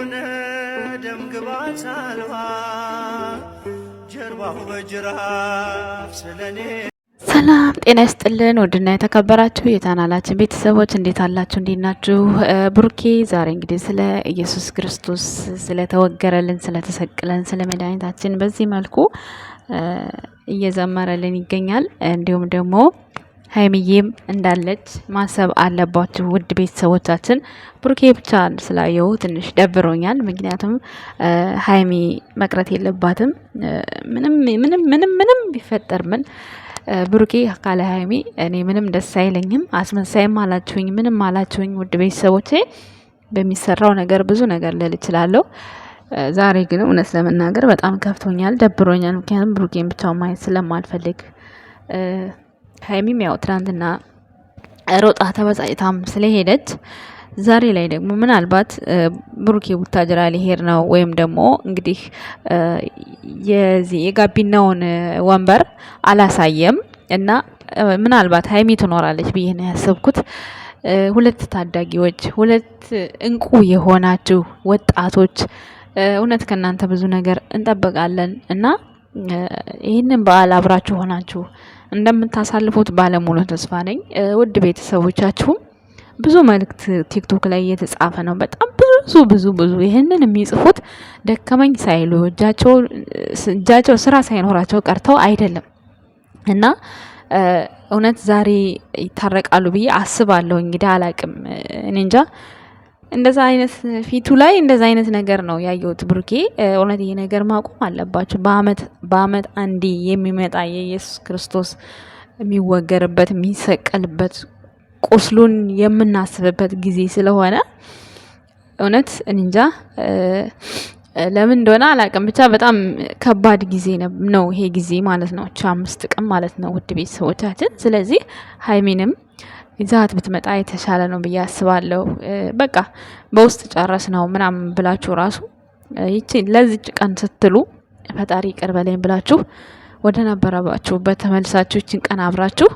ሆነ ደም ግባት አልባ ጀርባው በጅራፍ ስለኔ ሰላም ጤና ይስጥልን። ውድና የተከበራችሁ የቻናላችን ቤተሰቦች እንዴት አላችሁ? እንዴት ናችሁ? ብሩኬ ዛሬ እንግዲህ ስለ ኢየሱስ ክርስቶስ ስለተወገረልን፣ ስለተሰቅለን፣ ስለ መድኃኒታችን በዚህ መልኩ እየዘመረልን ይገኛል። እንዲሁም ደግሞ ሀይሚዬም እንዳለች ማሰብ አለባችሁ ውድ ቤተሰቦቻችን። ብሩኬ ብቻ ስላየው ትንሽ ደብሮኛል። ምክንያቱም ሀይሚ መቅረት የለባትም። ምንም ምንም ምንም ምንም ቢፈጠር ምን ብሩኬ ካለ ሀይሚ እኔ ምንም ደስ አይለኝም። አስመሳይም አላችሁኝ፣ ምንም አላችሁኝ። ውድ ቤተሰቦቼ በሚሰራው ነገር ብዙ ነገር ልል እችላለሁ። ዛሬ ግን እውነት ለመናገር በጣም ከፍቶኛል፣ ደብሮኛል። ምክንያቱም ብሩኬን ብቻው ማየት ስለማልፈልግ ሀይሚም ያው ትናንትና ሮጣ ተበሳጭታም ስለሄደች ዛሬ ላይ ደግሞ ምናልባት ብሩኬ ቡታጅራ ሊሄድ ነው ወይም ደግሞ እንግዲህ የዚህ የጋቢናውን ወንበር አላሳየም እና ምናልባት ሀይሚ ትኖራለች ብዬ ነው ያሰብኩት። ሁለት ታዳጊዎች፣ ሁለት እንቁ የሆናችሁ ወጣቶች እውነት ከእናንተ ብዙ ነገር እንጠብቃለን እና ይህንን በዓል አብራችሁ ሆናችሁ እንደምታሳልፉት ባለሙሉ ተስፋ ነኝ። ውድ ቤተሰቦቻችሁም ብዙ መልእክት ቲክቶክ ላይ እየተጻፈ ነው። በጣም ብዙ ብዙ ብዙ ይህንን የሚጽፉት ደከመኝ ሳይሉ እጃቸው ስራ ሳይኖራቸው ቀርተው አይደለም እና እውነት ዛሬ ይታረቃሉ ብዬ አስባለሁ። እንግዲህ አላቅም እኔ እንጃ። እንደዛ አይነት ፊቱ ላይ እንደዛ አይነት ነገር ነው ያየሁት። ብሩኬ እውነት ይሄ ነገር ማቆም አለባቸው። በአመት በአመት አንዴ የሚመጣ የኢየሱስ ክርስቶስ የሚወገርበት የሚሰቀልበት ቁስሉን የምናስብበት ጊዜ ስለሆነ እውነት እንጃ ለምን እንደሆነ አላውቅም። ብቻ በጣም ከባድ ጊዜ ነው ይሄ ጊዜ ማለት ነው። አምስት ቀን ማለት ነው ውድ ቤተሰቦቻችን። ስለዚህ ሀይሚንም ይዛት ብትመጣ የተሻለ ነው ብዬ አስባለሁ። በቃ በውስጥ ጨረስ ነው ምናምን ብላችሁ ራሱ ይቺ ለዚች ቀን ስትሉ ፈጣሪ ይቅር በለኝ ብላችሁ ወደ ነበረባችሁበት ተመልሳችሁ ይችን ቀን አብራችሁ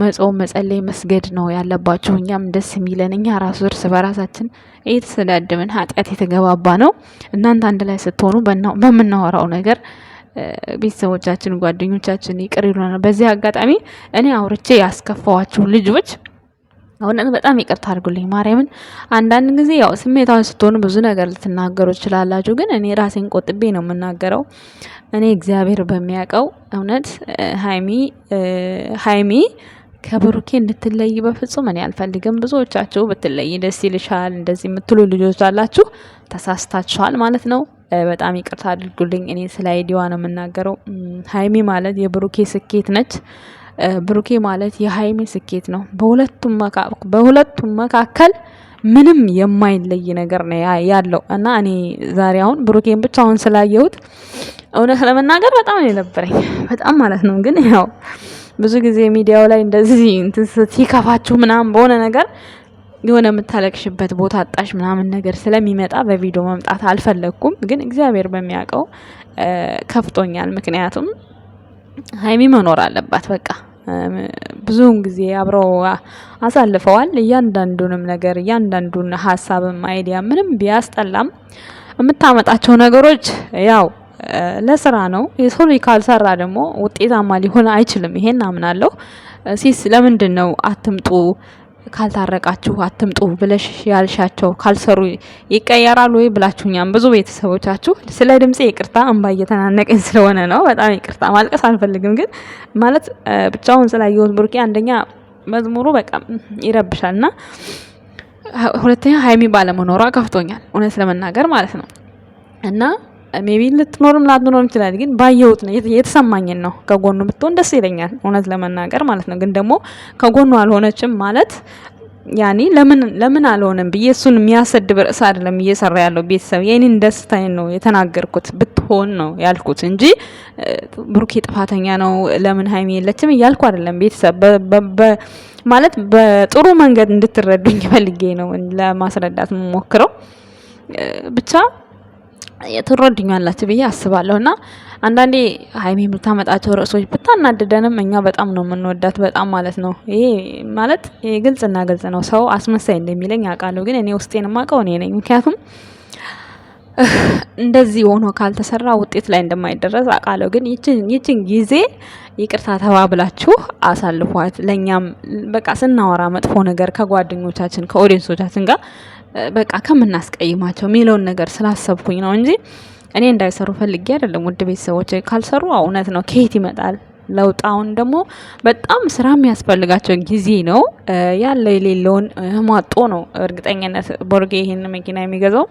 መጾም፣ መጸለይ፣ መስገድ ነው ያለባችሁ። እኛም ደስ የሚለን እኛ ራሱ እርስ በራሳችን እየተሰዳደብን ኃጢአት የተገባባ ነው። እናንተ አንድ ላይ ስትሆኑ በምናወራው ነገር ቤተሰቦቻችን፣ ጓደኞቻችን ይቅር ይሉናል። በዚህ አጋጣሚ እኔ አውርቼ ያስከፋዋችሁ ልጆች እውነት በጣም ይቅርታ አድርጉልኝ ማርያምን። አንዳንድ ጊዜ ያው ስሜታዊ ስትሆኑ ብዙ ነገር ልትናገሩ ትችላላችሁ፣ ግን እኔ ራሴን ቆጥቤ ነው የምናገረው። እኔ እግዚአብሔር በሚያውቀው እውነት ሀይሚ ሀይሚ ከብሩኬ እንድትለይ በፍጹም እኔ አልፈልግም። ብዙዎቻችሁ ብትለይ ደስ ይልሻል እንደዚህ የምትሉ ልጆች አላችሁ፣ ተሳስታችኋል ማለት ነው። በጣም ይቅርታ አድርጉልኝ። እኔ ስለ አይዲዋ ነው የምናገረው። ሀይሚ ማለት የብሩኬ ስኬት ነች። ብሩኬ ማለት የሀይሚ ስኬት ነው። በሁለቱም መካከል ምንም የማይለይ ነገር ነው ያለው እና እኔ ዛሬ አሁን ብሩኬን ብቻ አሁን ስላየሁት እውነት ለመናገር በጣም ነው የነበረኝ በጣም ማለት ነው። ግን ያው ብዙ ጊዜ ሚዲያው ላይ እንደዚህ ሲከፋችሁ ምናምን በሆነ ነገር የሆነ የምታለቅሽበት ቦታ አጣሽ ምናምን ነገር ስለሚመጣ በቪዲዮ መምጣት አልፈለግኩም። ግን እግዚአብሔር በሚያውቀው ከፍቶኛል። ምክንያቱም ሀይሚ መኖር አለባት በቃ ብዙውን ጊዜ አብረው አሳልፈዋል። እያንዳንዱንም ነገር እያንዳንዱን ሀሳብም አይዲያ ምንም ቢያስጠላም የምታመጣቸው ነገሮች ያው ለስራ ነው። የሰው ልጅ ካልሰራ ደግሞ ውጤታማ ሊሆን አይችልም። ይሄን አምናለሁ። ሲስ ለምንድን ነው አትምጡ ካልታረቃችሁ አትምጡ ብለሽ ያልሻቸው ካልሰሩ ይቀየራሉ ወይ ብላችሁኛም ብዙ ቤተሰቦቻችሁ። ስለ ድምፄ ይቅርታ፣ እንባ እየተናነቀኝ ስለሆነ ነው። በጣም ይቅርታ። ማልቀስ አልፈልግም፣ ግን ማለት ብቻውን ስላየሁት ብሩኬ፣ አንደኛ መዝሙሩ በቃ ይረብሻል እና ሁለተኛ ሀይሚ ባለመኖሯ ከፍቶኛል፣ እውነት ለመናገር ማለት ነው እና ሜቢ ልትኖርም ላትኖርም ይችላል። ግን ባየሁት ነው የተሰማኝን ነው። ከጎኑ ብትሆን ደስ ይለኛል፣ እውነት ለመናገር ማለት ነው። ግን ደግሞ ከጎኑ አልሆነችም ማለት ያኔ ለምን ለምን አልሆነም ብዬ እሱን የሚያሰድብ ርዕስ አይደለም እየሰራ ያለው ቤተሰብ የኔን ደስታዬን ነው የተናገርኩት። ብትሆን ነው ያልኩት እንጂ ብሩኬ ጥፋተኛ ነው ለምን ሀይሚ የለችም እያልኩ አይደለም። ቤተሰብ ማለት በጥሩ መንገድ እንድትረዱኝ ፈልጌ ነው ለማስረዳት የምሞክረው ብቻ ትረዱኛላችሁ ብዬ አስባለሁ። እና አንዳንዴ ሀይሚ የምታመጣቸው ርዕሶች ብታናድደንም እኛ በጣም ነው የምንወዳት፣ በጣም ማለት ነው። ይሄ ማለት ግልጽና ግልጽ ነው። ሰው አስመሳይ እንደሚለኝ አውቃለሁ፣ ግን እኔ ውስጤን የማውቀው እኔ ነኝ። ምክንያቱም እንደዚህ ሆኖ ካልተሰራ ውጤት ላይ እንደማይደረስ አውቃለሁ። ግን ይችን ጊዜ ይቅርታ ተባብላችሁ አሳልፏት። ለእኛም በቃ ስናወራ መጥፎ ነገር ከጓደኞቻችን ከኦዲየንሶቻችን ጋር በቃ ከምናስቀይማቸው የሚለውን ነገር ስላሰብኩኝ ነው እንጂ እኔ እንዳይሰሩ ፈልጌ አይደለም። ውድ ቤተሰቦች ካልሰሩ እውነት ነው ከየት ይመጣል ለውጥ? አሁን ደግሞ በጣም ስራ የሚያስፈልጋቸው ጊዜ ነው። ያለው የሌለውን ማጦ ነው። እርግጠኝነት ቦርጌ ይህን መኪና የሚገዛው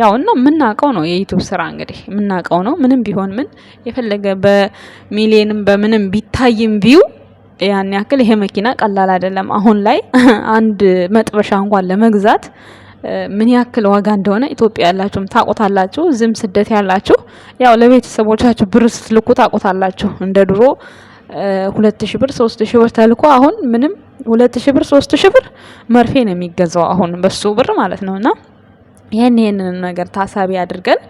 ያው እና የምናውቀው ነው የዩቱብ ስራ እንግዲህ የምናውቀው ነው። ምንም ቢሆን ምን የፈለገ በሚሊየንም በምንም ቢታይም ቢው ያን ያክል ይሄ መኪና ቀላል አይደለም። አሁን ላይ አንድ መጥበሻ እንኳን ለመግዛት ምን ያክል ዋጋ እንደሆነ ኢትዮጵያ ያላችሁም ታቆታላችሁ። ዝም ስደት ያላችሁ ያው ለቤተሰቦቻችሁ ብር ስትልኩ ታቆታላችሁ። እንደ ድሮ ሁለት ሺ ብር ሶስት ሺ ብር ተልኮ አሁን ምንም ሁለት ሺ ብር ሶስት ሺ ብር መርፌ ነው የሚገዛው አሁን በሱ ብር ማለት ነው። እና ይህን ይህንን ነገር ታሳቢ አድርገን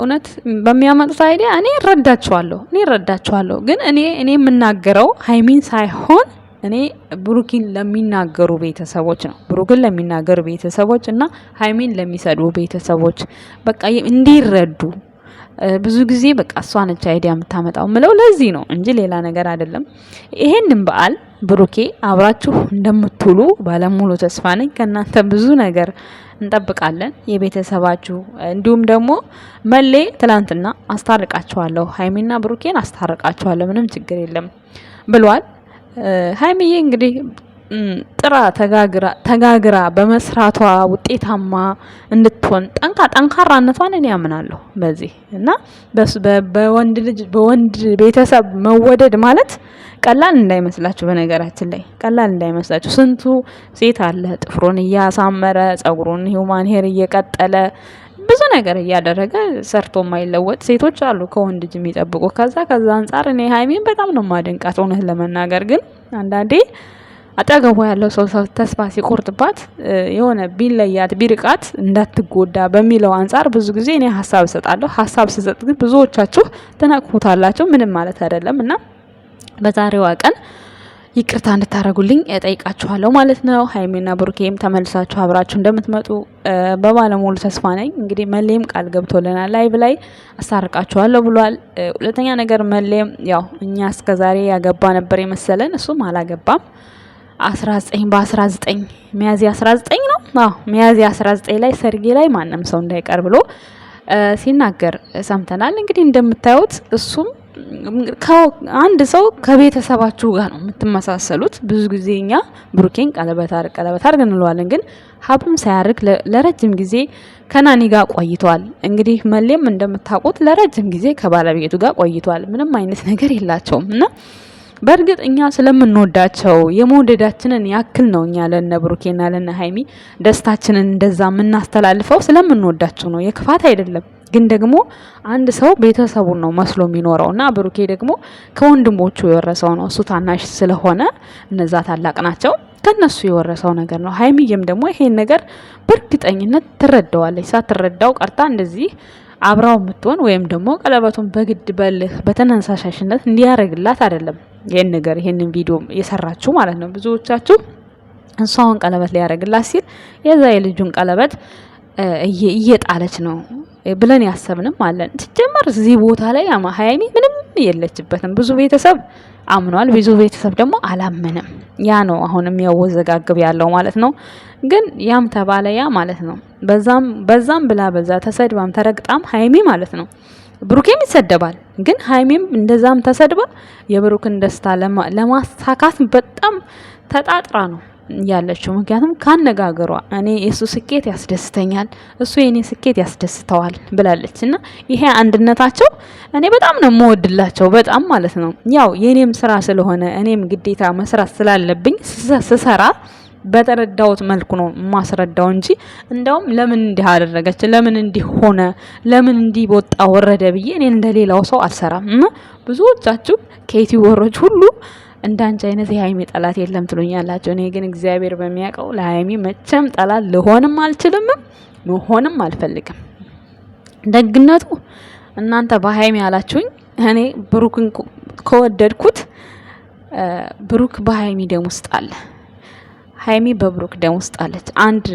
እውነት በሚያመጡት አይዲያ እኔ እረዳችኋለሁ እኔ እረዳችኋለሁ። ግን እኔ እኔ የምናገረው ሀይሚን ሳይሆን እኔ ብሩኪን ለሚናገሩ ቤተሰቦች ነው። ብሩክን ለሚናገሩ ቤተሰቦች እና ሀይሜን ለሚሰዱ ቤተሰቦች በቃ እንዲረዱ ብዙ ጊዜ በቃ እሷ ነች አይዲያ የምታመጣው ምለው ለዚህ ነው እንጂ ሌላ ነገር አይደለም። ይሄንን በዓል ብሩኬ አብራችሁ እንደምትውሉ ባለሙሉ ተስፋ ነኝ። ከእናንተ ብዙ ነገር እንጠብቃለን። የቤተሰባችሁ እንዲሁም ደግሞ መሌ ትላንትና አስታርቃችኋለሁ፣ ሀይሚና ብሩኬን አስታርቃችኋለሁ፣ ምንም ችግር የለም ብሏል። ሀይሚዬ እንግዲህ ጥራ ተጋግራ በመስራቷ ውጤታማ እንድትሆን ጠንካ ጠንካራነቷን እኔ ያምናለሁ በዚህ እና በወንድ ልጅ በወንድ ቤተሰብ መወደድ ማለት ቀላል እንዳይመስላችሁ። በነገራችን ላይ ቀላል እንዳይመስላችሁ። ስንቱ ሴት አለ ጥፍሩን እያሳመረ ጸጉሩን ሂውማን ሄር እየቀጠለ ብዙ ነገር እያደረገ ሰርቶ የማይለወጥ ሴቶች አሉ ከወንድ እጅ የሚጠብቁ። ከዛ ከዛ አንጻር እኔ ሀይሚን በጣም ነው ማደንቃት። እውነት ለመናገር ግን አንዳንዴ አጠገቧ ያለው ሰው ተስፋ ሲቆርጥባት የሆነ ቢለያት ቢርቃት እንዳትጎዳ በሚለው አንጻር ብዙ ጊዜ እኔ ሀሳብ እሰጣለሁ። ሀሳብ ስሰጥ ግን ብዙዎቻችሁ ትነቅፉታላችሁ። ምንም ማለት አይደለም እና በዛሬዋ ቀን ይቅርታ እንድታደረጉልኝ ጠይቃችኋለሁ ማለት ነው። ሀይሜና ብሩኬም ተመልሳችሁ አብራችሁ እንደምትመጡ በባለሙሉ ተስፋ ነኝ። እንግዲህ መሌም ቃል ገብቶልናል፣ ላይቭ ላይ አስታርቃችኋለሁ ብሏል። ሁለተኛ ነገር መሌም ያው እኛ ዛሬ ያገባ ነበር የመሰለን እሱም አላገባም 19 በ19 ሚያዝያ 19 ነው። አዎ ሚያዝያ ዘጠኝ ላይ ሰርጌ ላይ ማንም ሰው እንዳይቀር ብሎ ሲናገር ሰምተናል። እንግዲህ እንደምታዩት እሱም አንድ ሰው ከቤተሰባችሁ ጋር ነው የምትመሳሰሉት። ብዙ ጊዜ እኛ ብሩኬን ቀለበት አርግ ቀለበት እንለዋለን፣ ግን ሀብም ሳያርግ ለረጅም ጊዜ ከናኒ ጋር ቆይቷል። እንግዲህ መሌም እንደምታውቁት ለረጅም ጊዜ ከባለቤቱ ጋር ቆይቷል። ምንም አይነት ነገር የላቸውም እና በእርግጥ እኛ ስለምንወዳቸው የመውደዳችንን ያክል ነው እኛ ለነ ብሩኬና ለነ ሀይሚ ደስታችንን እንደዛ የምናስተላልፈው ስለምንወዳቸው ነው። የክፋት አይደለም። ግን ደግሞ አንድ ሰው ቤተሰቡን ነው መስሎ የሚኖረው እና ብሩኬ ደግሞ ከወንድሞቹ የወረሰው ነው። እሱ ታናሽ ስለሆነ እነዛ ታላቅ ናቸው፣ ከነሱ የወረሰው ነገር ነው። ሀይሚዬም ደግሞ ይሄን ነገር በእርግጠኝነት ትረዳዋለች። ሳትረዳው ቀርታ እንደዚህ አብራው የምትሆን ወይም ደግሞ ቀለበቱን በግድ በልህ በተነሳሻሽነት እንዲያደርግላት አይደለም። ይህን ነገር ይህንን ቪዲዮ የሰራችሁ ማለት ነው ብዙዎቻችሁ እሷውን ቀለበት ሊያደርግላት ሲል የዛ የልጁን ቀለበት እየጣለች ነው ብለን ያሰብንም አለን። ሲጀመር እዚህ ቦታ ላይ ሀይሚ ምንም የለችበትም። ብዙ ቤተሰብ አምኗል፣ ብዙ ቤተሰብ ደግሞ አላመንም። ያ ነው አሁን የሚያወዘጋግብ ያለው ማለት ነው። ግን ያም ተባለ ያ ማለት ነው። በዛም በዛም ብላ በዛ ተሰድባም ተረግጣም ሀይሚ ማለት ነው። ብሩኬም ይሰደባል፣ ግን ሀይሚም እንደዛም ተሰድባ የብሩክን ደስታ ለማሳካት በጣም ተጣጥራ ነው ያለችው። ምክንያቱም ካነጋገሯ እኔ የእሱ ስኬት ያስደስተኛል፣ እሱ የእኔ ስኬት ያስደስተዋል ብላለች እና ይሄ አንድነታቸው እኔ በጣም ነው የምወድላቸው፣ በጣም ማለት ነው። ያው የእኔም ስራ ስለሆነ እኔም ግዴታ መስራት ስላለብኝ ስሰራ በተረዳውት መልኩ ነው የማስረዳው እንጂ እንደውም ለምን እንዲህ አደረገች፣ ለምን እንዲህ ሆነ፣ ለምን እንዲህ ወጣ ወረደ ብዬ እኔ እንደሌላው ሰው አልሰራም እና ብዙዎቻችሁ ከዩቲዩበሮች ሁሉ እንዳንቺ አይነት የሀይሚ ጠላት የለም ትሉኛላችሁ። እኔ ግን እግዚአብሔር በሚያውቀው ለሀይሚ መቼም ጠላት ልሆንም አልችልም መሆንም አልፈልግም። ደግነቱ እናንተ በሀይሚ አላችሁኝ። እኔ ብሩክን ከወደድኩት ብሩክ በሀይሚ ደም ውስጥ አለ፣ ሀይሚ በብሩክ ደም ውስጥ አለች። አንድ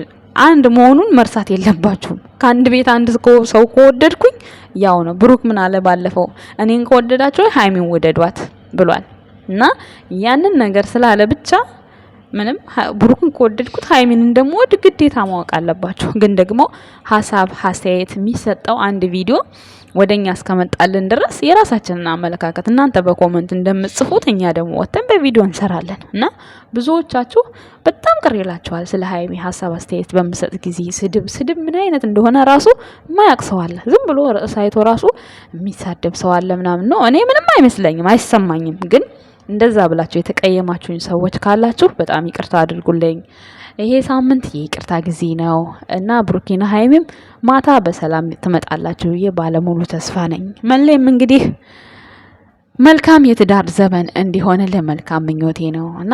አንድ መሆኑን መርሳት የለባችሁም። ከአንድ ቤት አንድ ሰው ከወደድኩኝ ያው ነው። ብሩክ ምን አለ ባለፈው፣ እኔን ከወደዳችሁ ሀይሚን ውደዷት ብሏል። እና ያንን ነገር ስላለ ብቻ ምንም ብሩክን ከወደድኩት ሀይሚን እንደምወድ ግዴታ ማወቅ አለባቸው። ግን ደግሞ ሀሳብ ሀስተያየት የሚሰጠው አንድ ቪዲዮ ወደ እኛ እስከመጣልን ድረስ የራሳችንን አመለካከት እናንተ በኮመንት እንደምጽፉት እኛ ደግሞ ወጥተን በቪዲዮ እንሰራለን እና ብዙዎቻችሁ በጣም ቅር ይላችኋል። ስለ ሀይሚ ሀሳብ አስተያየት በምሰጥ ጊዜ ስድብ ስድብ ምን አይነት እንደሆነ ራሱ ማያቅ ሰው አለ። ዝም ብሎ ሳይቶ ራሱ የሚሳደብ ሰው አለ ምናምን ነው። እኔ ምንም አይመስለኝም፣ አይሰማኝም ግን እንደዛ ብላችሁ የተቀየማችሁኝ ሰዎች ካላችሁ በጣም ይቅርታ አድርጉልኝ። ይሄ ሳምንት የይቅርታ ጊዜ ነው እና ብሩኪና ሀይሚም ማታ በሰላም ትመጣላችሁ ብዬ ባለሙሉ ተስፋ ነኝ። መለይም እንግዲህ መልካም የትዳር ዘመን እንዲሆን ለመልካም ምኞቴ ነው እና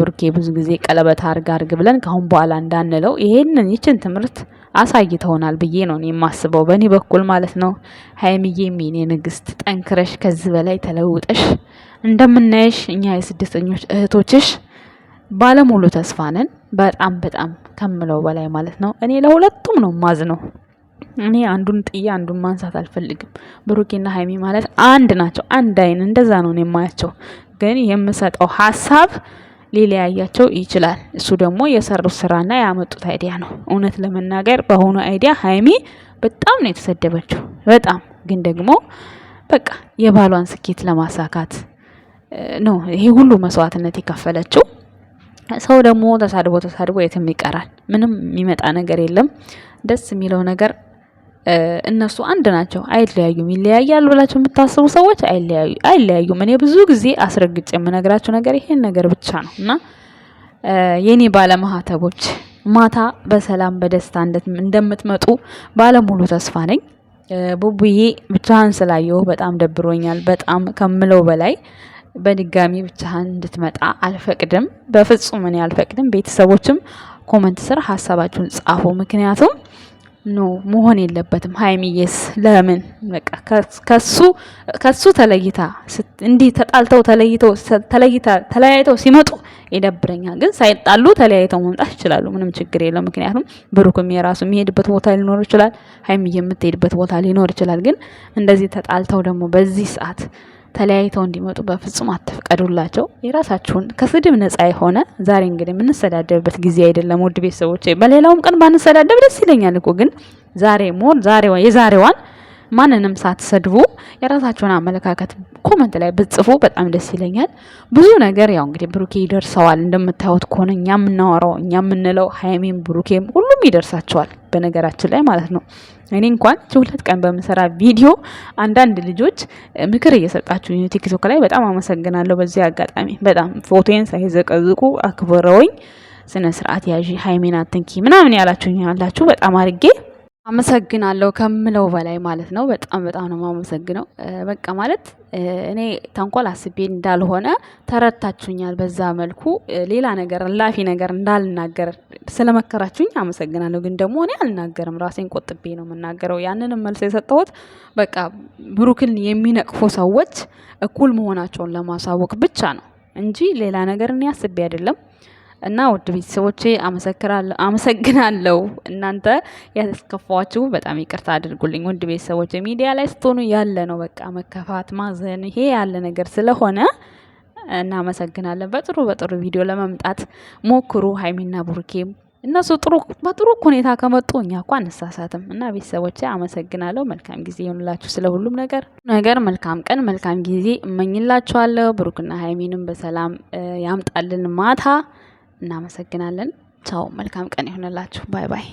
ብሩኬ ብዙ ጊዜ ቀለበት አርግ አርግ ብለን ካሁን በኋላ እንዳንለው ይሄንን ይችን ትምህርት አሳይተውናል ብዬ ነው የማስበው፣ በእኔ በኩል ማለት ነው። ሀይሚዬ የኔ ንግስት፣ ጠንክረሽ ከዚህ በላይ ተለውጠሽ እንደምናየሽ እኛ የስደተኞች እህቶችሽ ባለሙሉ ተስፋ ነን። በጣም በጣም ከምለው በላይ ማለት ነው። እኔ ለሁለቱም ነው ማዝ ነው። እኔ አንዱን ጥዬ አንዱን ማንሳት አልፈልግም። ብሩኬና ሀይሚ ማለት አንድ ናቸው፣ አንድ አይን። እንደዛ ነው ኔ የማያቸው። ግን የምሰጠው ሀሳብ ሊለያያቸው ይችላል። እሱ ደግሞ የሰሩት ስራና ያመጡት አይዲያ ነው። እውነት ለመናገር በአሁኑ አይዲያ ሀይሚ በጣም ነው የተሰደበችው። በጣም ግን ደግሞ በቃ የባሏን ስኬት ለማሳካት ነው ይሄ ሁሉ መስዋዕትነት የከፈለችው። ሰው ደግሞ ተሳድቦ ተሳድቦ የትም ይቀራል። ምንም የሚመጣ ነገር የለም። ደስ የሚለው ነገር እነሱ አንድ ናቸው፣ አይለያዩም። ይለያያሉ ብላችሁ የምታስቡ ሰዎች አይለያዩም። እኔ ብዙ ጊዜ አስረግጬ የምነግራቸው ነገር ይሄን ነገር ብቻ ነው እና የኔ ባለማህተቦች ማታ በሰላም በደስታ እንደምትመጡ ባለሙሉ ተስፋ ነኝ። ቡቡዬ ብቻህን ስላየሁ በጣም ደብሮኛል። በጣም ከምለው በላይ በድጋሚ ብቻህን እንድትመጣ አልፈቅድም፣ በፍጹም እኔ አልፈቅድም። ቤተሰቦችም ኮመንት ስር ሀሳባችሁን ጻፉ። ምክንያቱም ኖ መሆን የለበትም። ሀይሚዬስ ለምን በቃ ከሱ ከሱ ተለይታ እንዲህ ተጣልተው ተለይተው ተለይታ ተለያይተው ሲመጡ ይደብረኛል። ግን ሳይጣሉ ተለያይተው መምጣት ይችላሉ። ምንም ችግር የለው። ምክንያቱም ብሩክም የራሱ የሚሄድበት ቦታ ሊኖር ይችላል፣ ሀይሚዬ የምትሄድበት ቦታ ሊኖር ይችላል። ግን እንደዚህ ተጣልተው ደግሞ በዚህ ሰዓት ተለያይተው እንዲመጡ በፍጹም አትፍቀዱላቸው። የራሳችሁን ከስድብ ነጻ የሆነ ዛሬ እንግዲህ የምንሰዳደብበት ጊዜ አይደለም ውድ ቤተሰቦች። በሌላውም ቀን ባንሰዳደብ ደስ ይለኛል እኮ ግን ዛሬ ሞር ዛሬዋ የዛሬዋን ማንንም ሳትሰድቡ የራሳቸውን አመለካከት ኮመንት ላይ ብጽፉ በጣም ደስ ይለኛል። ብዙ ነገር ያው እንግዲህ ብሩኬ ይደርሰዋል እንደምታዩት ከሆነ እኛ የምናወራው እኛ የምንለው ሀይሜም ብሩኬም ሁሉም ይደርሳቸዋል። በነገራችን ላይ ማለት ነው እኔ እንኳን ሁለት ቀን በምሰራ ቪዲዮ አንዳንድ ልጆች ምክር እየሰጣችሁ ቲክቶክ ላይ በጣም አመሰግናለሁ። በዚህ አጋጣሚ በጣም ፎቶዬን ሳይዘቀዝቁ አክብረውኝ ስነ ስርዓት ያዥ ሀይሜን አትንኪ ምናምን ያላችሁኝ ያላችሁ በጣም አድርጌ አመሰግናለሁ ከምለው በላይ ማለት ነው። በጣም በጣም ነው የማመሰግነው። በቃ ማለት እኔ ተንኮል አስቤ እንዳልሆነ ተረድታችሁኛል። በዛ መልኩ ሌላ ነገር ላፊ ነገር እንዳልናገር ስለመከራችሁኝ አመሰግናለሁ። ግን ደግሞ እኔ አልናገርም፣ ራሴን ቆጥቤ ነው የምናገረው። ያንንም መልስ የሰጠሁት በቃ ብሩክን የሚነቅፉ ሰዎች እኩል መሆናቸውን ለማሳወቅ ብቻ ነው እንጂ ሌላ ነገር እኔ አስቤ አይደለም። እና ውድ ቤተሰቦቼ አመሰግናለሁ። እናንተ ያስከፋችሁ በጣም ይቅርታ አድርጉልኝ። ውድ ቤተሰቦች ሚዲያ ላይ ስትሆኑ ያለ ነው በቃ መከፋት፣ ማዘን ይሄ ያለ ነገር ስለሆነ እናመሰግናለን። በጥሩ በጥሩ ቪዲዮ ለመምጣት ሞክሩ ሀይሚና ቡርኬም እነሱ ጥሩ በጥሩ ሁኔታ ከመጡ እኛ እኳ አንሳሳትም። እና ቤተሰቦች አመሰግናለሁ። መልካም ጊዜ ይሆንላችሁ። ስለ ሁሉም ነገር ነገር መልካም ቀን መልካም ጊዜ እመኝላችኋለሁ። ብሩክና ሀይሚንም በሰላም ያምጣልን ማታ እናመሰግናለን። ቻው፣ መልካም ቀን ይሆንላችሁ። ባይ ባይ።